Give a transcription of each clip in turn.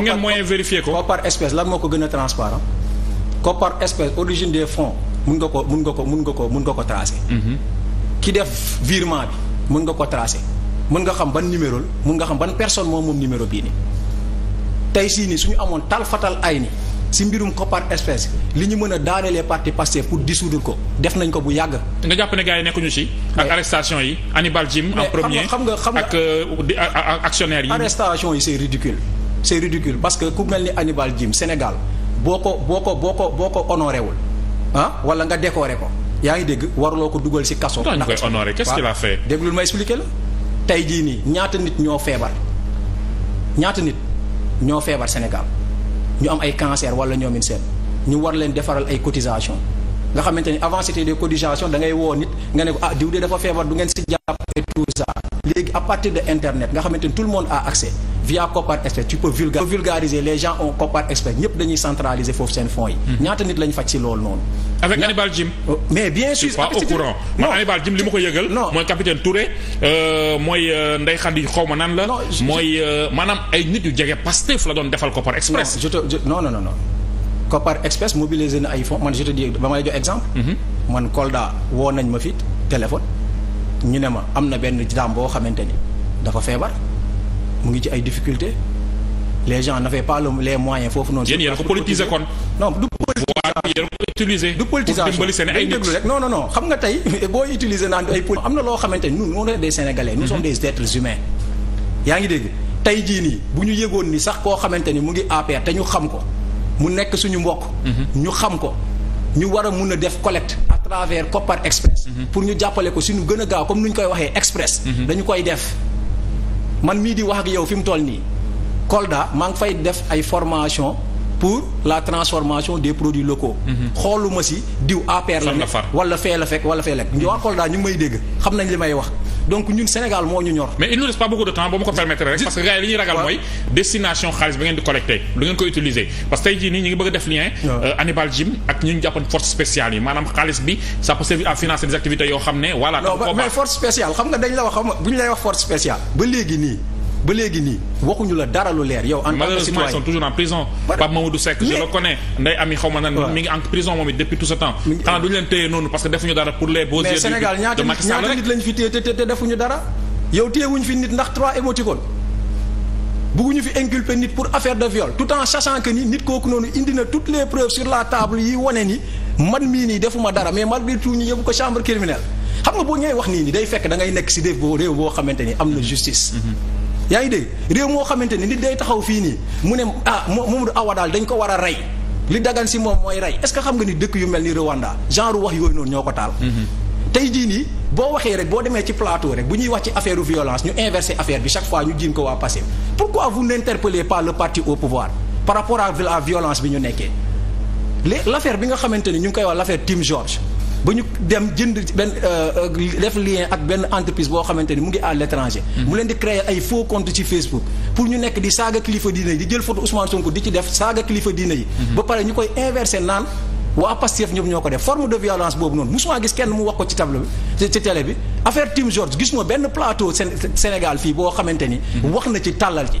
am ngeen moyen vérifier ko. koppar espèce la moo ko gën a transparent koppar espèce origine des fonds mun nga ko mun nga ko mun nga ko mun nga ko tracé. Mhm. ki def virement bi mun nga ko tracé mun nga xam ban numéro la mun nga xam ban personne moom moom numéro bii nii. tey sii nii ñu amoon tal fatal ay ni si mbirum koppar espèce li ñu mën a daanelee parti Pastef pour dissoudre ko def nañ ko bu yàgg. nga jàpp ne gars yi nekkuñu ci. ak arrestation yi Hannibal Jim en premier. xam xam nga xam nga ak euh, actionnaire yi. arrestation yi c'est ridicule parce que ku mel ni Hannibal Djim Sénégal boo ko boo ko boo ko boo ko honoré wul ah wala nga décoré ko yaa ngi dégg warloo ko dugal ci kaso. ndax koy honoré qu'est-ce qu'il a fait. déglul ma expliqué la tey jii nii ñaata nit ñoo feebar ñaata nit ñoo feebar Sénégal ñu am ay cancer wala ñoomin seen ñu war leen defaral ay cotisation nga xamante ni avant c'était cotisation dangay woo nit nga ne ko ah diw de dafa feebar du ngeen ci jàpp et tout léegi à partir de internet nga xamante ni tout le monde a accès via Copart Express tu peux vulgariser les gens ont Express ñëpp dañuy centraliser foofu seen fonds yi. Mhm. ñaata nit lañ faj si loolu noonu. avec Hannibal Jim. Oh, mais bien sûr. pas au man Hannibal Jim li ma ko yëgal. non mooy capitaine Touré euh, mooy euh, Ndeye Khady xaw ma la. mooy euh, maanaam ay nit yu jege Pastef la doon defal Copart Express. non je te non non non Copart Express mobiliser na ñu ne ma am na benn daam boo xamante ni dafa feebar mu ngi ci ay difficultés les gens n'avaient pas les moyens foofu noonu. yéen ko politiser kon. non du politiser du politisation pour xam nga tey boo utiliser naan ay poli. loo xamante ni nous on est des sénégalais. Mhm. yaa ngi dégg tey jii nii bu ñu yëgoon ni sax koo xamante ni mu ngi APR te ñu xam ko mu nekk suñu mbokk. Mhm. ñu xam ko ñu war a mun a def collecte. travers Kopar Express. Mhm. pour ñu jàppale ko si ñu gën a gaaw comme ni ñu koy waxee express. Mhm. dañu koy def man mii di wax ak yow fi mu toll nii Kolda maa ngi fay def ay formation pour la transformation des produits locaux. Mhm. xooluma si diw APR la. wala fee la fekk wala fee la fekk. waa Kolda ñu may dégg xam nañ li may wax. donc ñun Sénégal moo ñu ñor. mais il nous reste pas beaucoup de temps ba ma ko permettre rek. parce que gars yi li ñuy ragal mooy. destination xaalis ba ngeen di collecté du ngeen ko utiliser parce que tey jii nii ñu ngi bëgg a def lien. Euh, Hannibal Jim ak ñu ñu jàppoon force spéciale yi maanaam xaalis bi ça peut servir à financer des activités yoo xam ne voilà. non mais force spéciale xam nga dañ la wax xam nga bu lay wax force spéciale ba léegi nii ba léegi nii waxuñu la dara lu leer yow. en tant que citoyen toujours en prison. Pape Mamadou Seck je le connais. Ami xaw ma nan ngi en prison moom it depuis tout ce temps. xanaa duñu leen téye noonu parce que defuñu dara pour mais Sénégal ñaata nit lañ fi téye te te defuñu dara. yow téyewuñu fi nit ndax trois émoticônes bugguñu fi inculper nit pour affaire de viol tout en sachant que ni nit kooku noonu indi na toutes les preuves sur la table yi wane ni man mii nii defuma dara mais malgré tout ñu yóbbu ko chambre criminelle xam nga wax nii day fekk da ngay nekk si réew boo xamante ni am na yaa ngi dégg réew moo xamante ni nit day taxaw fii nii mu ne ah moo Mamadou Awa daal dañ ko war a rey li dagan si moom mooy rey est-ce que xam nga ni dëkk yu mel ni Rwanda genre wax yooyu noonu ñoo ko taal. Mm-hmm. tey jii nii boo waxee rek boo demee ci plateau rek bu ñuy wax ci affaire violence ñu inverser affaire bi chaque fois ñu jiim ko waa passé pourquoi vous n'interpellez pas le parti au pouvoir par rapport a la violence bi ñu nekkee l' affaire bi nga xamante ni ñu ngi koy wax l' affaire Tim ba ñu dem jënd benn euh, euh, def lien ak benn entreprise boo xamante ni mu ngi à l'étranger mmh. mu leen di créer ay faux compte ci Facebook pour ñu nekk di saaga kilifa diine yi di jël photo Ousmane Sonko di ci def saaga kilifa diine yi mmh. ba pare ñu koy inverser naan waa Pastef ñoom ñoo ko def forme de violence boobu noonu musuma gis kenn mu wax ko ci table bi ci télé bi affaire Tim George gis ma benn plateau Sénégal fii boo xamante ni mmh. wax na ci tàllal ci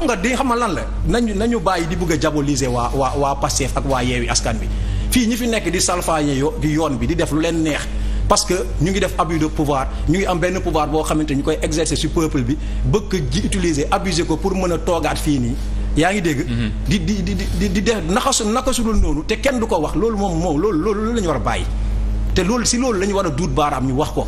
xam nga di xamal lan la nañu nañu bàyyi di bëgg a diaboliser waa waa waa Pastef ak waa Yewwi Askan Wi fii ñi fi nekk di salfaañe yo di yoon bi di def lu leen neex parce que ñu ngi def abus pouvoir ñu ngi am benn pouvoir boo xamante ñu koy exercer ci peuple bi bëgg ji utiliser abuser ko pour mën a toogaat fii nii yaa ngi dégg mhm. di di di di di def naxasu naka sudul noonu te kenn du ko wax loolu moom moom loolu loolu la ñu war a bàyyi te loolu si loolu la ñu war a duut baaraam ñu wax ko